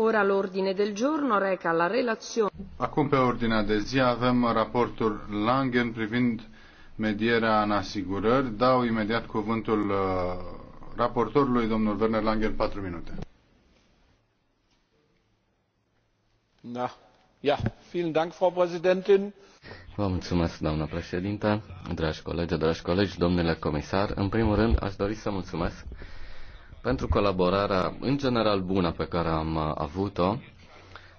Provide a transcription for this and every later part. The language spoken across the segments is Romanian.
Ora l'ordine del giorno reca la relazione. Acum pe ordinea de zi avem raportul Langen privind medierea în asigurări. Dau imediat cuvântul uh, raportorului, domnul Werner Langen, 4 minute. Da. Ja, vielen Dank, Frau Präsidentin. Vă mulțumesc, doamnă președintă, dragi colegi, dragi colegi, domnule comisar. În primul rând, aș dori să mulțumesc pentru colaborarea în general bună pe care am uh, avut-o.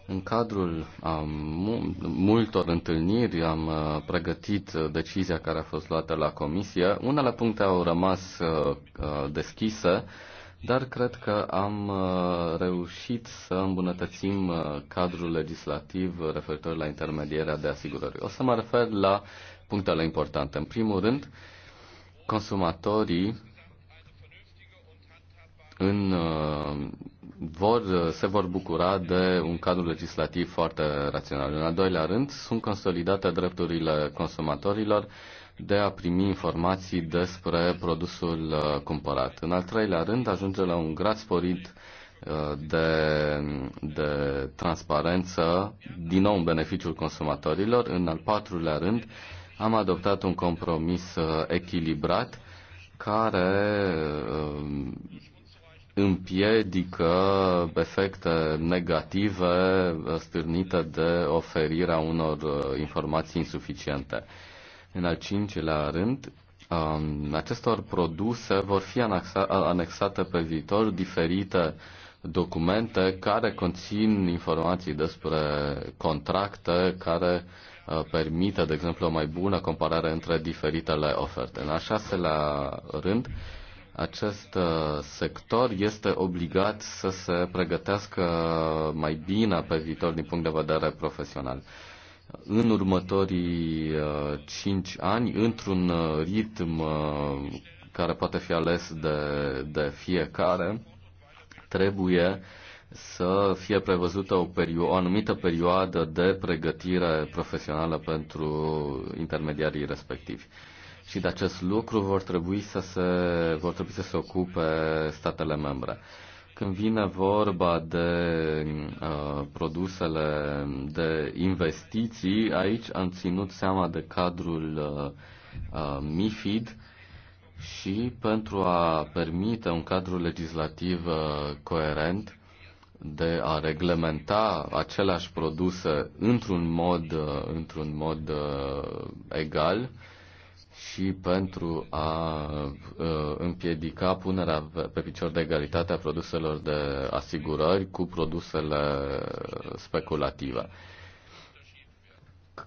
În cadrul um, multor întâlniri am uh, pregătit uh, decizia care a fost luată la comisie. Unele puncte au rămas deschise, dar cred că am reușit să îmbunătățim cadrul legislativ referitor la intermedierea de asigurări. O să mă refer la punctele importante. În primul rând, consumatorii în, uh, vor, se vor bucura de un cadru legislativ foarte rațional. În al doilea rând, sunt consolidate drepturile consumatorilor de a primi informații despre produsul uh, cumpărat. În al treilea rând, ajunge la un grad sporit uh, de, de transparență, din nou în beneficiul consumatorilor. În al patrulea rând, am adoptat un compromis echilibrat care împiedică efecte negative uh, stârnite de oferirea unor uh, informații insuficiente. În al cincilea rând, um, acestor produse vor fi anexate pe viitor diferite documente care conțin informații despre contracte care uh, permită, de exemplu, o mai bună comparare între diferitele oferte. În al șaselea rând, acest uh, sector este obligat să se pregătească mai bine pe viitor din punct de vedere profesional. În următorii 5 uh, ani, într-un uh, ritm care poate fi ales de, de fiecare, trebuie să fie prevăzută o, perio- o anumită perioadă de pregătire profesională pentru intermediarii respectivi și de acest lucru vor trebui să se, vor trebui să se ocupe statele membre. Când vine vorba de uh, produsele de investiții, aici am ținut seama de cadrul uh, uh MIFID și pentru a permite un cadru legislativ uh, coerent de a reglementa aceleași produse într-un mod, uh, într-un mod uh, egal, uh, și pentru a ă, împiedica punerea pe picior de egalitate a produselor de asigurări cu produsele speculative.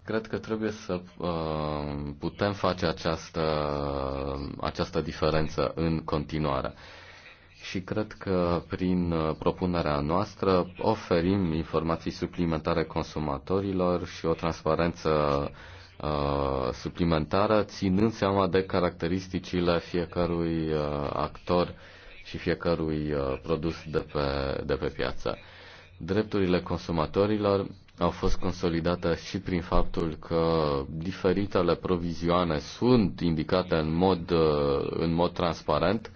Cred că trebuie să ă, putem face această, această diferență în continuare și cred că prin ă, propunerea noastră oferim informații suplimentare consumatorilor și o transparență suplimentară, ținând seama de caracteristicile fiecărui uh, actor și fiecărui uh, produs de pe, de pe piață. Drepturile consumatorilor au fost consolidate și prin faptul că diferitele provizioane sunt indicate în mod, uh, în mod transparent,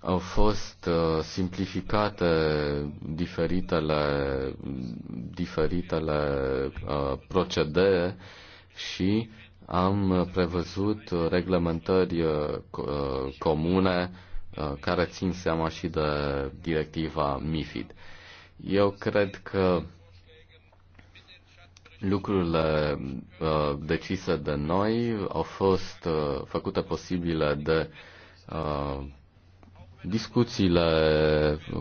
au fost simplificate diferitele, diferitele procedee și am prevăzut reglementări uh, uh, comune uh, care țin seama și de directiva MIFID. Eu cred că lucrurile decise de noi au fost făcute posibile de discuțiile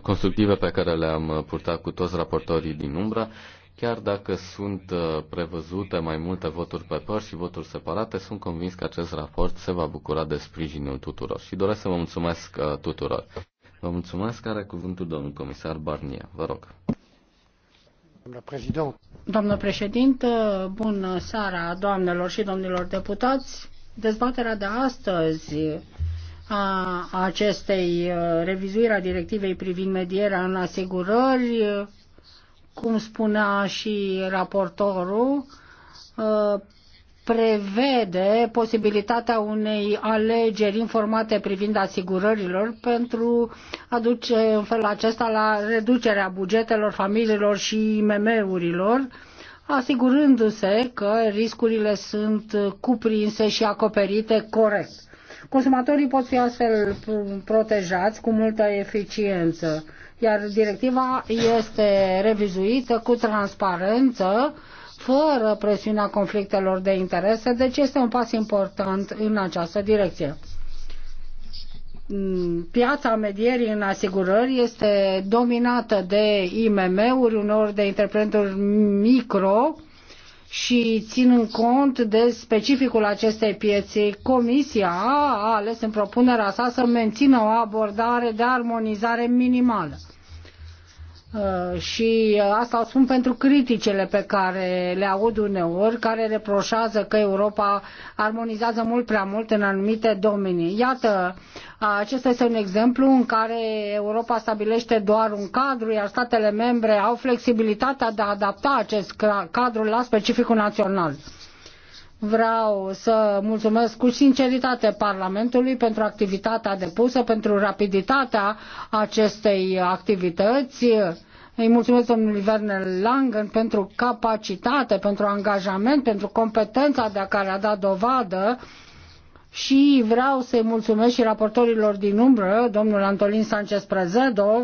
constructive pe care le-am purtat cu toți raportorii din umbră Chiar dacă sunt uh, prevăzute mai multe voturi pe părți și voturi separate, sunt convins că acest raport se va bucura de sprijinul tuturor și doresc să vă mulțumesc uh, tuturor. Vă mulțumesc, are cuvântul domnul comisar Barnier. Vă rog. Doamnă președintă, bună seara doamnelor și domnilor deputați. Dezbaterea de astăzi a acestei uh, revizuiri a directivei privind medierea în asigurări cum spunea și raportorul, uh, prevede posibilitatea unei alegeri informate privind asigurărilor pentru a duce în felul acesta la reducerea bugetelor familiilor și IMM-urilor, asigurându-se că riscurile sunt cuprinse și acoperite corect. Consumatorii pot fi astfel protejați cu multă eficiență iar directiva este revizuită cu transparență, fără presiunea conflictelor de interese, deci este un pas important în această direcție. Mm, piața medierii în asigurări este dominată de IMM-uri, uneori de întreprinderi micro, și ținând cont de specificul acestei piețe, Comisia a ales în propunerea sa să mențină o abordare de armonizare minimală. Uh, și uh, asta o spun pentru criticele pe care le aud uneori, care reproșează că Europa armonizează mult prea mult în anumite domenii. Iată, uh, acesta este un exemplu în care Europa stabilește doar un cadru, iar statele membre au flexibilitatea de a adapta acest cadru la specificul național. Vreau să mulțumesc cu sinceritate Parlamentului pentru activitatea depusă, pentru rapiditatea acestei activități îi mulțumesc domnului Werner Langen pentru capacitate, pentru angajament, pentru competența de care a dat dovadă și vreau să-i mulțumesc și raportorilor din umbră, domnul Antolin Sanchez Prezedo,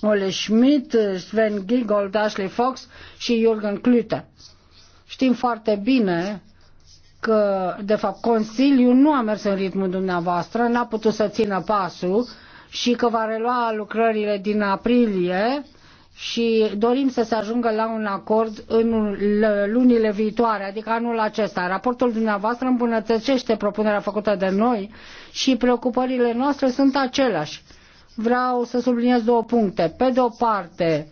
Ole Schmidt, Sven Giegold, Ashley Fox și Jürgen Klüte. Știm foarte bine că, de fapt, Consiliul nu a mers în ritmul dumneavoastră, n-a putut să țină pasul și că va relua lucrările din aprilie și dorim să se ajungă la un acord în lunile viitoare, adică anul acesta. Raportul dumneavoastră îmbunătățește propunerea făcută de noi și preocupările noastre sunt aceleași. Vreau să subliniez două puncte. Pe de o parte,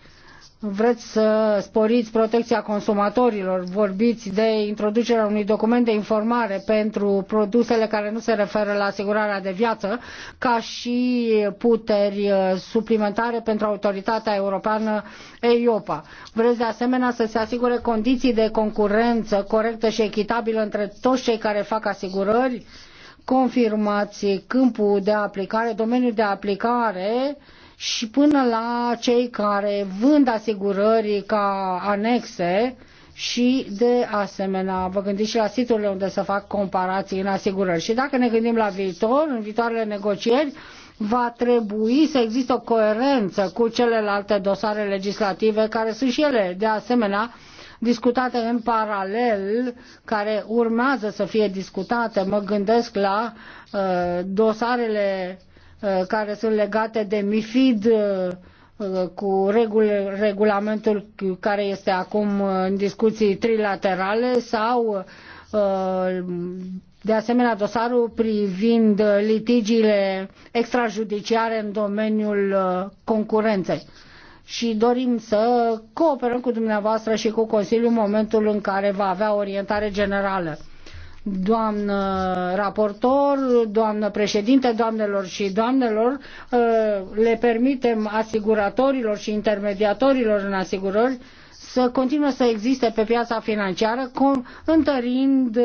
vreți să sporiți protecția consumatorilor, vorbiți de introducerea unui document de informare pentru produsele care nu se referă la asigurarea de viață, ca și puteri uh, suplimentare pentru autoritatea europeană EIOPA. Vreți de asemenea să se asigure condiții de concurență corectă și echitabilă între toți cei care fac asigurări, confirmați câmpul de aplicare, domeniul de aplicare, uh, și până la cei care vând asigurări ca anexe și de asemenea vă gândiți și la siturile unde să fac comparații în asigurări. Și dacă ne gândim la viitor, în viitoarele negocieri, va trebui să existe o coerență cu celelalte dosare legislative care sunt și ele de asemenea discutate în paralel, care urmează să fie discutate. Mă gândesc la uh, dosarele uh, Uh, care sunt legate de MIFID uh, uh, cu regul, regulamentul care este acum în discuții trilaterale sau de asemenea dosarul privind litigiile extrajudiciare în domeniul concurenței și dorim să cooperăm cu dumneavoastră și cu Consiliul în momentul în care va avea orientare generală doamnă raportor, doamnă președinte, doamnelor și doamnelor, ă, le permitem asiguratorilor și intermediatorilor în asigurări să continue să existe pe piața financiară, întărind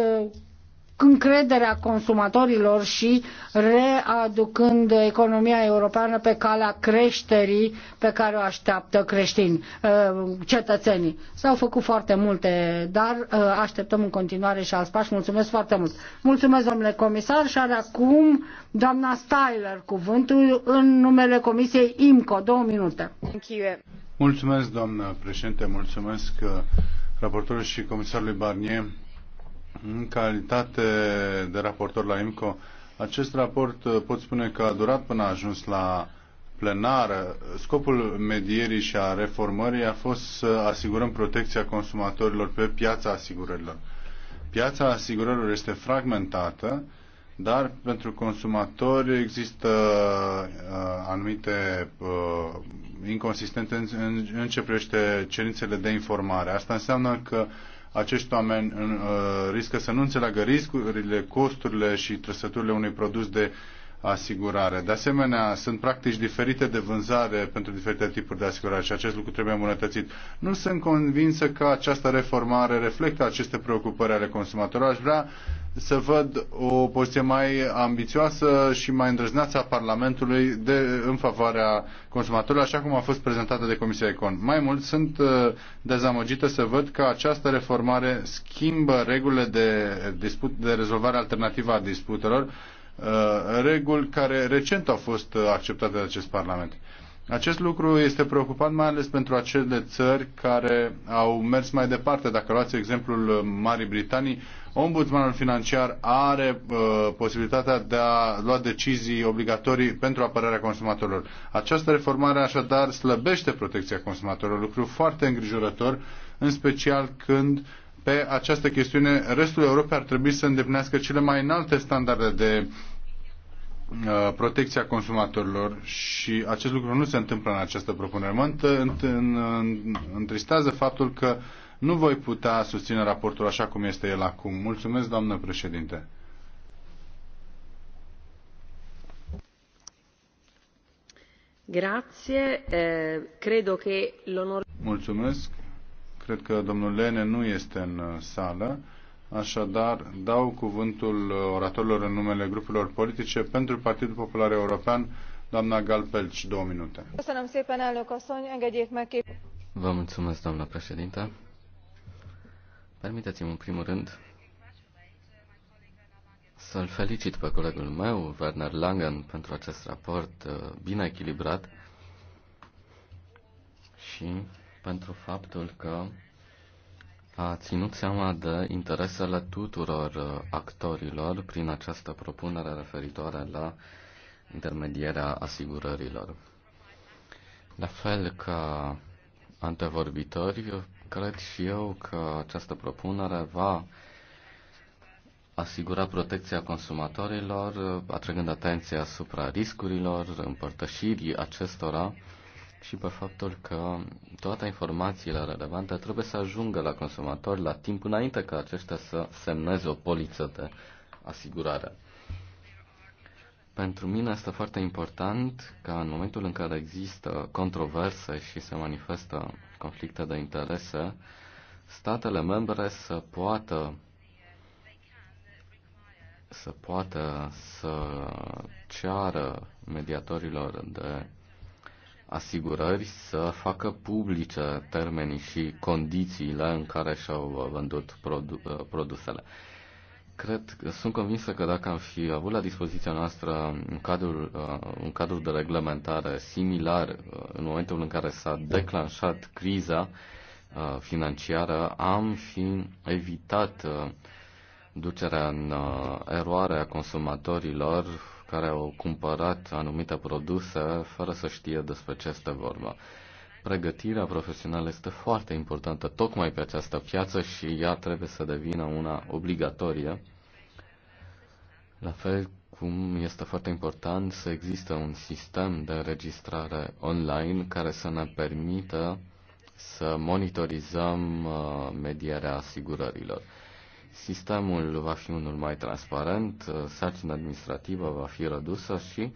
încrederea consumatorilor și readucând economia europeană pe calea creșterii pe care o așteaptă creștini, uh, cetățenii. S-au făcut foarte multe, dar uh, așteptăm în continuare și alți pași. Mulțumesc foarte mult. Mulțumesc, domnule comisar, și are acum doamna Styler cuvântul în numele Comisiei IMCO. Două minute. Mulțumesc, doamnă președinte, mulțumesc uh, raportorului și comisarului Barnier în calitate de raportor la IMCO, acest raport uh, pot spune că a durat până a ajuns la plenară. Scopul medierii și a reformării a fost să asigurăm protecția consumatorilor pe piața asigurărilor. Piața asigurărilor este fragmentată, dar pentru consumatori există uh, anumite uh, inconsistențe în, în, ce privește cerințele de informare. Asta înseamnă că uh, acești oameni uh, riscă să nu înțeleagă riscurile, costurile și trăsăturile unui produs de asigurare. De asemenea, sunt practici diferite de vânzare pentru diferite tipuri de asigurare și acest lucru trebuie îmbunătățit. Nu sunt convinsă că această reformare reflectă aceste preocupări ale consumatorilor. Aș vrea să văd o poziție mai ambițioasă și mai îndrăzneață a Parlamentului de, în favoarea consumatorilor, așa cum a fost prezentată de Comisia Econ. Mai mult, sunt uh, dezamăgită să văd că această reformare schimbă regulile de, de rezolvare alternativă a disputelor Uh, reguli care recent au fost uh, acceptate de acest Parlament. Acest lucru este preocupant mai ales pentru acele țări care au mers mai departe. Dacă luați exemplul uh, Marii Britanii, ombudsmanul financiar are uh, posibilitatea de a lua decizii obligatorii pentru apărarea consumatorilor. Această reformare așadar slăbește protecția consumatorilor, lucru foarte îngrijorător, în special când uh, pe această chestiune, restul Europei ar trebui să îndeplinească cele mai înalte standarde de uh, protecția consumatorilor și acest lucru nu se întâmplă în această propunere. Mă întristează faptul că nu voi putea susține raportul așa cum este el acum. Mulțumesc, doamnă președinte. Grazie. Eh, credo che l'onor... Mulțumesc. Cred că domnul Lene nu este în uh, sală. Așadar, dau cuvântul uh, oratorilor în numele grupurilor politice pentru Partidul Popular European, doamna Galpelci, două minute. Vă mulțumesc, doamna președinte. Permiteți-mi în primul rând să-l felicit pe colegul meu, Werner Langen, pentru acest raport uh, bine echilibrat și pentru faptul că a ținut seama de interesele tuturor uh, actorilor prin această propunere referitoare la intermedierea asigurărilor. La fel ca antevorbitori, cred și eu că această propunere va asigura protecția consumatorilor, uh, atrăgând atenția asupra riscurilor, împărtășirii acestora, și pe faptul că toate informațiile relevante trebuie să ajungă la consumatori la timp înainte ca aceștia să semneze o poliță de asigurare. Pentru mine este foarte important ca în momentul în care există controverse și se manifestă conflicte de interese, statele membre să poată să poată să ceară mediatorilor de asigurări să facă publice termenii și condițiile în care și-au uh, vândut produ- uh, produsele. Cred, sunt convinsă că dacă am fi avut la dispoziția noastră un cadru, uh, un cadru de reglementare similar în momentul în care s-a declanșat criza financiară, am fi evitat ducerea în eroare a consumatorilor care au cumpărat anumite produse fără să știe despre ce este vorba. Pregătirea profesională este foarte importantă tocmai pe această piață și ea trebuie să devină una obligatorie. La fel cum este foarte important să existe un sistem de registrare online care să ne permită să monitorizăm uh, medierea asigurărilor. Sistemul va fi unul mai transparent, uh, sarcina administrativă va fi redusă și,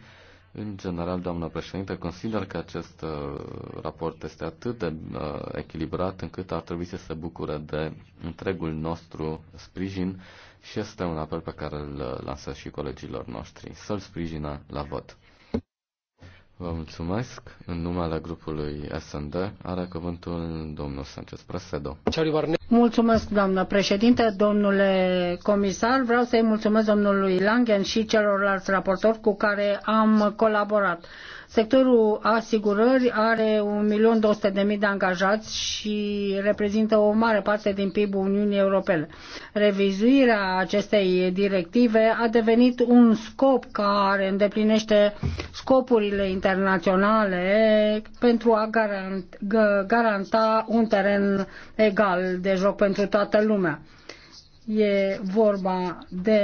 în general, doamnă președinte, consider că acest uh, raport este atât de uh, echilibrat încât ar trebui să se bucure de întregul nostru sprijin și este un apel pe care îl lansă și colegilor noștri, să-l sprijină la vot. Vă mulțumesc. În numele grupului SND are cuvântul domnul Sanchez Presedo. Mulțumesc, doamnă președinte, domnule comisar. Vreau să-i mulțumesc domnului Langen și celorlalți raportori cu care am colaborat. Sectorul asigurări are 1.200.000 de angajați și reprezintă o mare parte din PIB-ul Uniunii Europene. Revizuirea acestei directive a devenit un scop care îndeplinește scopurile internaționale pentru a garanta un teren egal de joc pentru toată lumea. E vorba de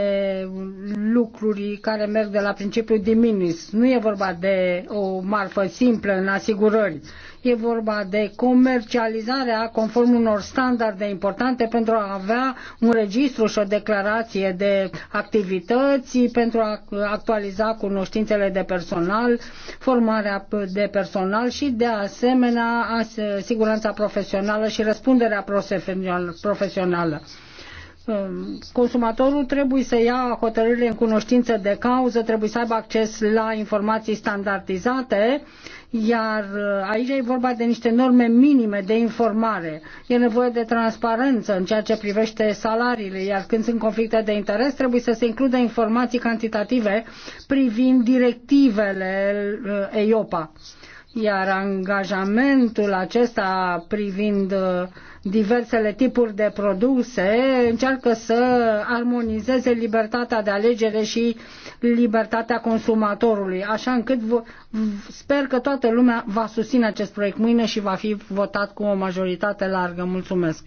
lucruri care merg de la principiul minus. Nu e vorba de o marfă simplă în asigurări. E vorba de comercializarea conform unor standarde importante pentru a avea un registru și o declarație de activități, pentru a actualiza cunoștințele de personal, formarea de personal și, de asemenea, siguranța profesională și răspunderea profesională Ă, consumatorul trebuie să ia hotărârile în cunoștință de cauză, trebuie să aibă acces la informații standardizate, iar ă, aici e vorba de niște norme minime de informare. E nevoie de transparență în ceea ce privește salariile, iar când sunt conflicte de interes, trebuie să se includă informații cantitative privind directivele ă, EIOPA iar angajamentul acesta privind uh, diversele tipuri de produse încearcă să armonizeze libertatea de alegere și libertatea consumatorului, așa încât sper că toată lumea va susține acest proiect mâine și va fi votat cu o majoritate largă. Mulțumesc!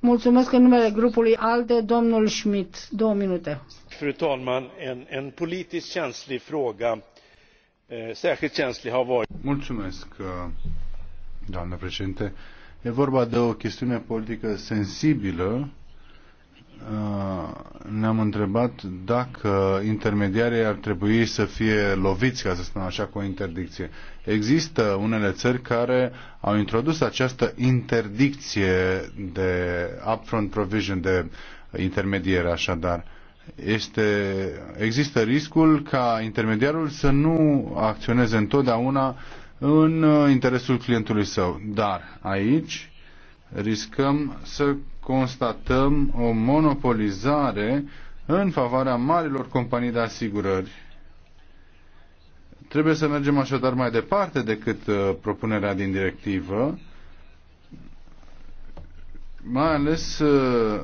Mulțumesc în numele grupului ALDE, domnul Schmidt. Două minute. Fru talman, en, en politisk känslig fråga Eh, särskilt känslig har varit. Eh, doamnă președinte. E vorba de o chestiune politică sensibilă. Eh, ne-am întrebat dacă intermediarii ar trebui să fie loviți, ca să spun așa, cu o interdicție. Există unele țări care au introdus această interdicție de upfront provision, de intermediere, așadar este, există riscul ca intermediarul să nu acționeze întotdeauna în uh, interesul clientului său. Dar aici riscăm să constatăm o monopolizare în favoarea marilor companii de asigurări. Trebuie să mergem așadar mai departe decât uh, propunerea din directivă, mai ales uh,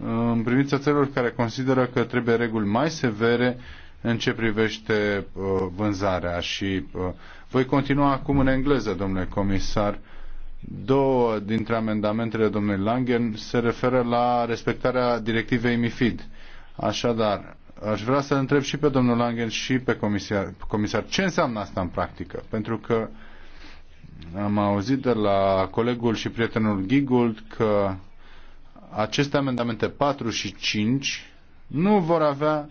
în privința țărilor care consideră că trebuie reguli mai severe în ce privește uh, vânzarea și uh, voi continua acum în engleză, domnule comisar. Două dintre amendamentele domnului Langen se referă la respectarea directivei MIFID. Așadar, aș vrea să întreb și pe domnul Langen și pe comisar, comisar ce înseamnă asta în practică, pentru că am auzit de la colegul și prietenul Gigult că aceste amendamente 4 și 5 nu vor avea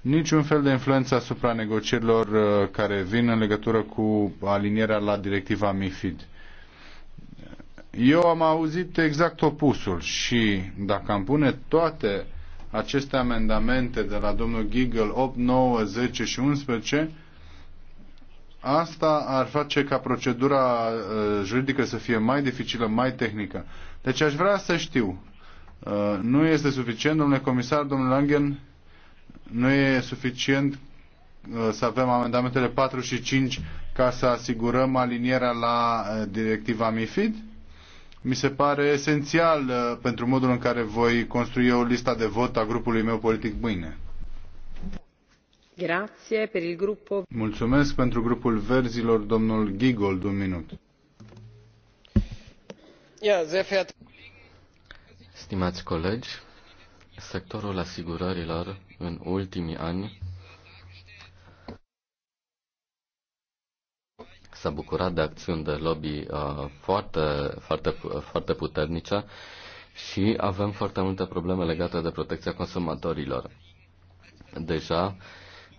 niciun fel de influență asupra negocierilor uh, care vin în legătură cu alinierea la directiva MIFID. Eu am auzit exact opusul și dacă am pune toate aceste amendamente de la domnul Giggle 8, 9, 10 și 11, asta ar face ca procedura uh, juridică să fie mai dificilă, mai tehnică. Deci aș vrea să știu Uh, nu este suficient, domnule comisar, domnule Langen, nu e suficient uh, să avem amendamentele 4 și 5 ca să asigurăm alinierea la uh, directiva MIFID? Mi se pare esențial pentru modul în care voi construi eu lista de vot a grupului meu politic mâine. Grazie per il gruppo. Mulțumesc pentru grupul verzilor, domnul Gigold, un minut. Yeah, Stimați colegi, sectorul asigurărilor în ultimii ani s-a bucurat de acțiuni de lobby uh, foarte, foarte, foarte puternice și avem foarte multe probleme legate de protecția consumatorilor. Deja, uh,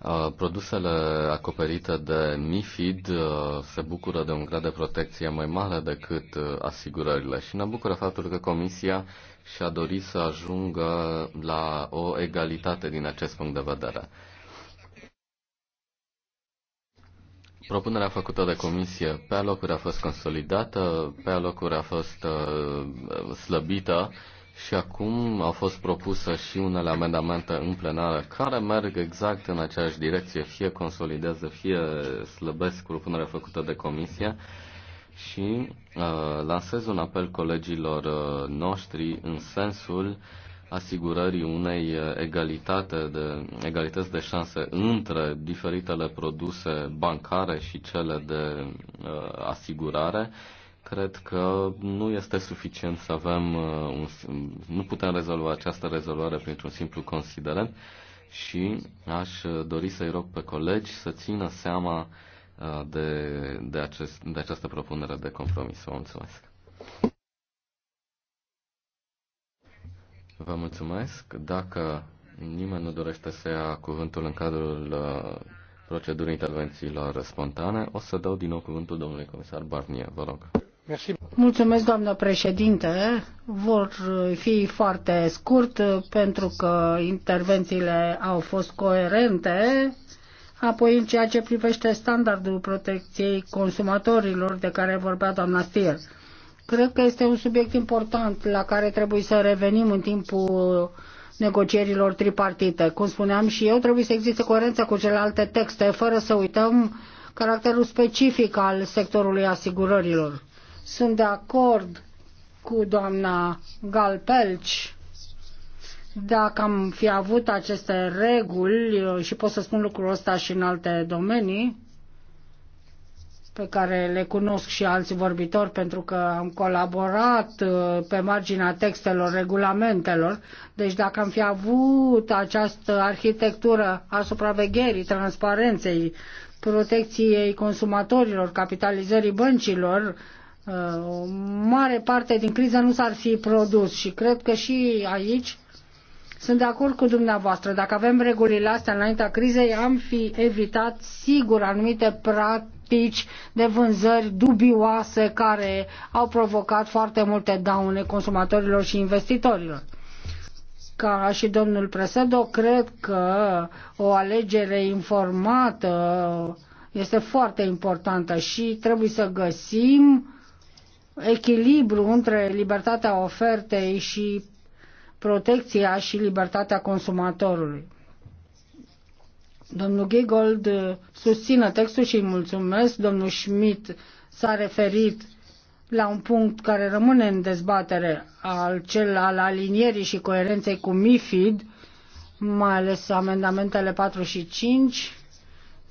Uh, produsele acoperite de MIFID uh, se bucură de un grad de protecție mai mare decât uh, asigurările și ne bucură faptul că Comisia și-a dorit să ajungă la o egalitate din acest punct de vedere. Propunerea făcută de comisie pe alocuri a fost consolidată, pe alocuri a fost slăbită și acum a fost propusă și unele amendamente în plenară care merg exact în aceeași direcție, fie consolidează, fie slăbesc propunerea făcută de comisie și uh, lansez un apel colegilor uh, noștri în sensul asigurării unei uh, egalitate de, egalități de șanse între diferitele produse bancare și cele de uh, asigurare Cred că nu este suficient să avem uh, un, nu putem rezolva această rezolvare printr-un simplu considerent și aș uh, dori să-i rog pe colegi să țină seama uh, de, de, acest, de această propunere de compromis. Vă mulțumesc. Vă mulțumesc. Dacă nimeni nu dorește să ia cuvântul în cadrul procedurii intervențiilor spontane, o să dau din nou cuvântul domnului comisar Barnier. Vă rog. Mulțumesc, doamnă președinte. Vor fi foarte scurt pentru că intervențiile au fost coerente. Apoi, în ceea ce privește standardul protecției consumatorilor de care vorbea doamna Stier, cred că este un subiect important la care trebuie să revenim în timpul negocierilor tripartite. Cum spuneam și eu, trebuie să existe coerență cu celelalte texte, fără să uităm caracterul specific al sectorului asigurărilor sunt de acord cu doamna Galpelci. Dacă am fi avut aceste reguli, și pot să spun lucrul ăsta și în alte domenii, pe care le cunosc și alți vorbitori pentru că am colaborat uh, pe marginea textelor, regulamentelor. Deci dacă am fi avut această arhitectură a supravegherii, transparenței, protecției consumatorilor, capitalizării băncilor, Uh, o mare parte din criză nu s-ar fi produs și cred că și aici sunt de acord cu dumneavoastră. Dacă avem regulile astea înaintea crizei, am fi evitat sigur anumite practici de vânzări dubioase care au provocat foarte multe daune consumatorilor și investitorilor ca și domnul Presedo, cred că o alegere informată este foarte importantă și trebuie să găsim echilibru între libertatea ofertei și protecția și libertatea consumatorului. Domnul Giegold uh, susține textul și îi mulțumesc. Domnul Schmidt s-a referit la un punct care rămâne în dezbatere, al cel al alinierii și coerenței cu MIFID, mai ales amendamentele 4 și 5.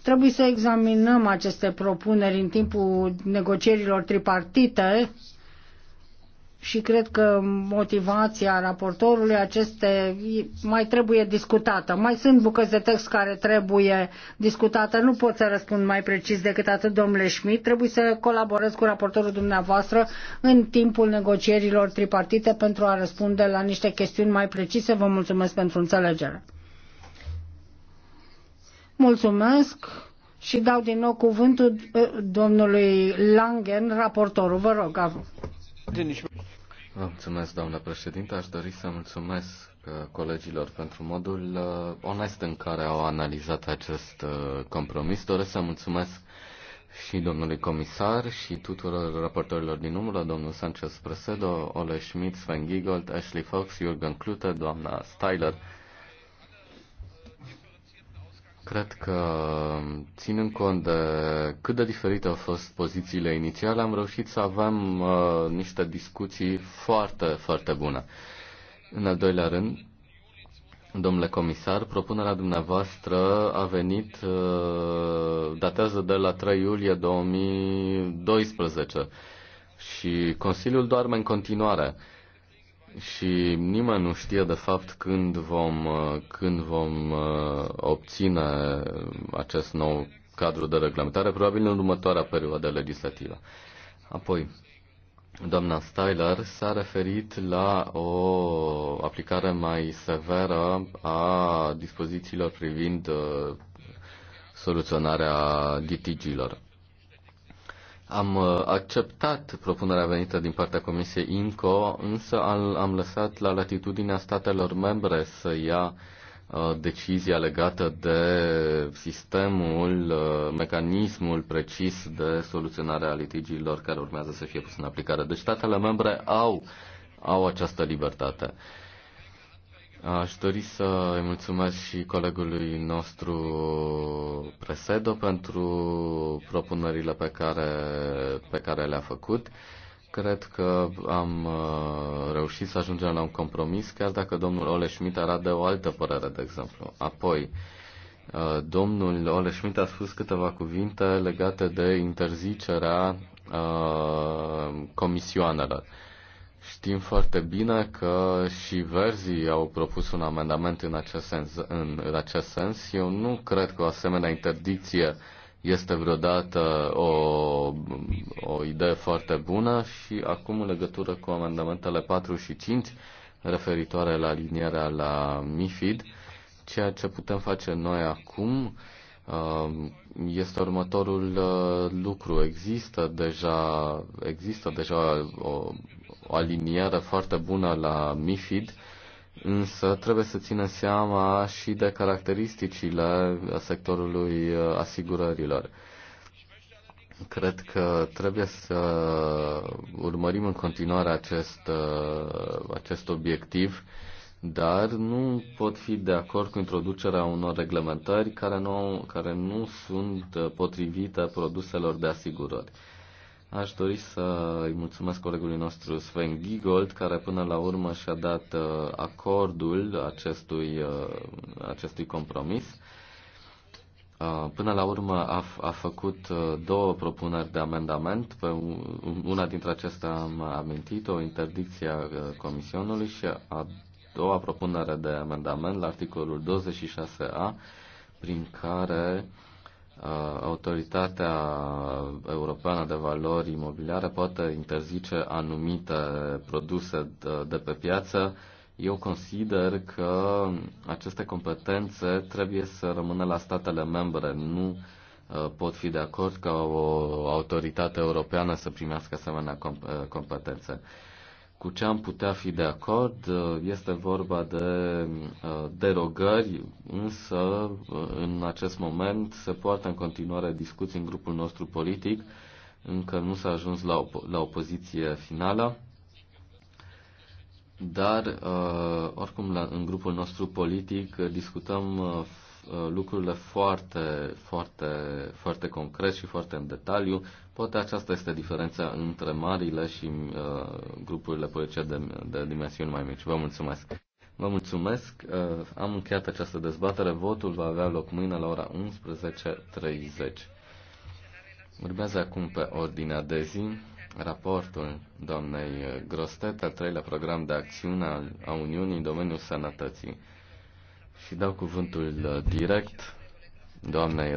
Trebuie să examinăm aceste propuneri în timpul negocierilor tripartite și cred că motivația raportorului aceste mai trebuie discutată. Mai sunt bucăți de text care trebuie discutată. Nu pot să răspund mai precis decât atât, domnule Schmidt. Trebuie să colaborez cu raportorul dumneavoastră în timpul negocierilor tripartite pentru a răspunde la niște chestiuni mai precise. Vă mulțumesc pentru înțelegere. Mulțumesc și dau din nou cuvântul uh, domnului Langen, raportorul. Vă rog, Vă mulțumesc, doamnă președinte. Aș dori să mulțumesc uh, colegilor pentru modul uh, onest în care au analizat acest compromis. Doresc să mulțumesc și domnului comisar și tuturor raportorilor din umbră, domnul Sanchez Presedo, Ole Schmidt, Sven Giegold, Ashley Fox, Jürgen Klute, doamna Styler Cred că, ținând cont de cât de diferite au fost pozițiile inițiale, am reușit să avem uh, niște discuții foarte, foarte bune. În al doilea rând, domnule comisar, propunerea dumneavoastră a venit, uh, datează de la 3 iulie 2012 și Consiliul doarme în continuare. Uh, și nimeni nu știe de fapt când vom, uh, când vom uh, obține acest nou cadru de reglementare, probabil în următoarea perioadă legislativă. Apoi, doamna Styler s-a referit la o aplicare mai severă a dispozițiilor privind uh, soluționarea litigiilor. Am uh, acceptat propunerea venită din partea Comisiei INCO, însă am lăsat la latitudinea statelor membre să ia uh, decizia legată de sistemul, uh, mecanismul precis de soluționare a litigiilor care urmează să fie pus în aplicare. Deci statele membre au, au această libertate. Aș dori să îi mulțumesc și colegului nostru Presedo pentru propunerile pe care, pe care le-a făcut. Cred că am uh, reușit să ajungem la un compromis, chiar dacă domnul Ole Schmidt era de o altă părere, de exemplu. Apoi, uh, domnul Ole Schmidt a spus câteva cuvinte legate de interzicerea uh, comisioanelor. Știm foarte bine că și verzii au propus un amendament în acest sens. În, în acest sens. Eu nu cred că o asemenea interdicție este vreodată o, o idee foarte bună și acum în legătură cu amendamentele 4 și 5 referitoare la linierea la MIFID, ceea ce putem face noi acum Um, este următorul uh, lucru. Există deja, există deja o, o aliniere foarte bună la MIFID, însă trebuie să țină seama și de caracteristicile sectorului uh, asigurărilor. Cred că trebuie să urmărim în continuare acest, uh, acest obiectiv dar nu pot fi de acord cu introducerea unor reglementări care nu, care nu sunt uh, potrivite produselor de asigurări. Aș dori să îi mulțumesc colegului nostru Sven Gigold, care până la urmă și-a dat uh, acordul acestui, uh, acestui compromis. Până la urmă a, a făcut două propuneri de amendament. Pe una dintre acestea am amintit-o, interdicția comisionului și a doua propunere de amendament la articolul 26a, prin care uh, Autoritatea Europeană de Valori Imobiliare poate interzice anumite produse de pe piață. Eu consider că aceste competențe trebuie să rămână la statele membre. Nu uh, pot fi de acord ca o autoritate europeană să primească asemenea uh, competențe cu ce am putea fi de acord uh, este vorba de uh, derogări, însă uh, în acest moment se poartă în continuare discuții în grupul nostru politic, încă nu s-a ajuns la o, la o poziție finală, dar oricum la, în grupul nostru politic discutăm Uh, lucrurile foarte, foarte, foarte concret și foarte în detaliu. Poate aceasta este diferența între marile și uh, grupurile politice de, de dimensiuni mai mici. Vă mulțumesc! Vă mulțumesc! Uh, am încheiat această dezbatere. Votul va avea loc mâine la ora 11.30. Urmează acum pe ordinea de zi raportul doamnei Grostet, al treilea program de acțiune a Uniunii în domeniul sănătății. Și dau cuvântul uh, direct doamnei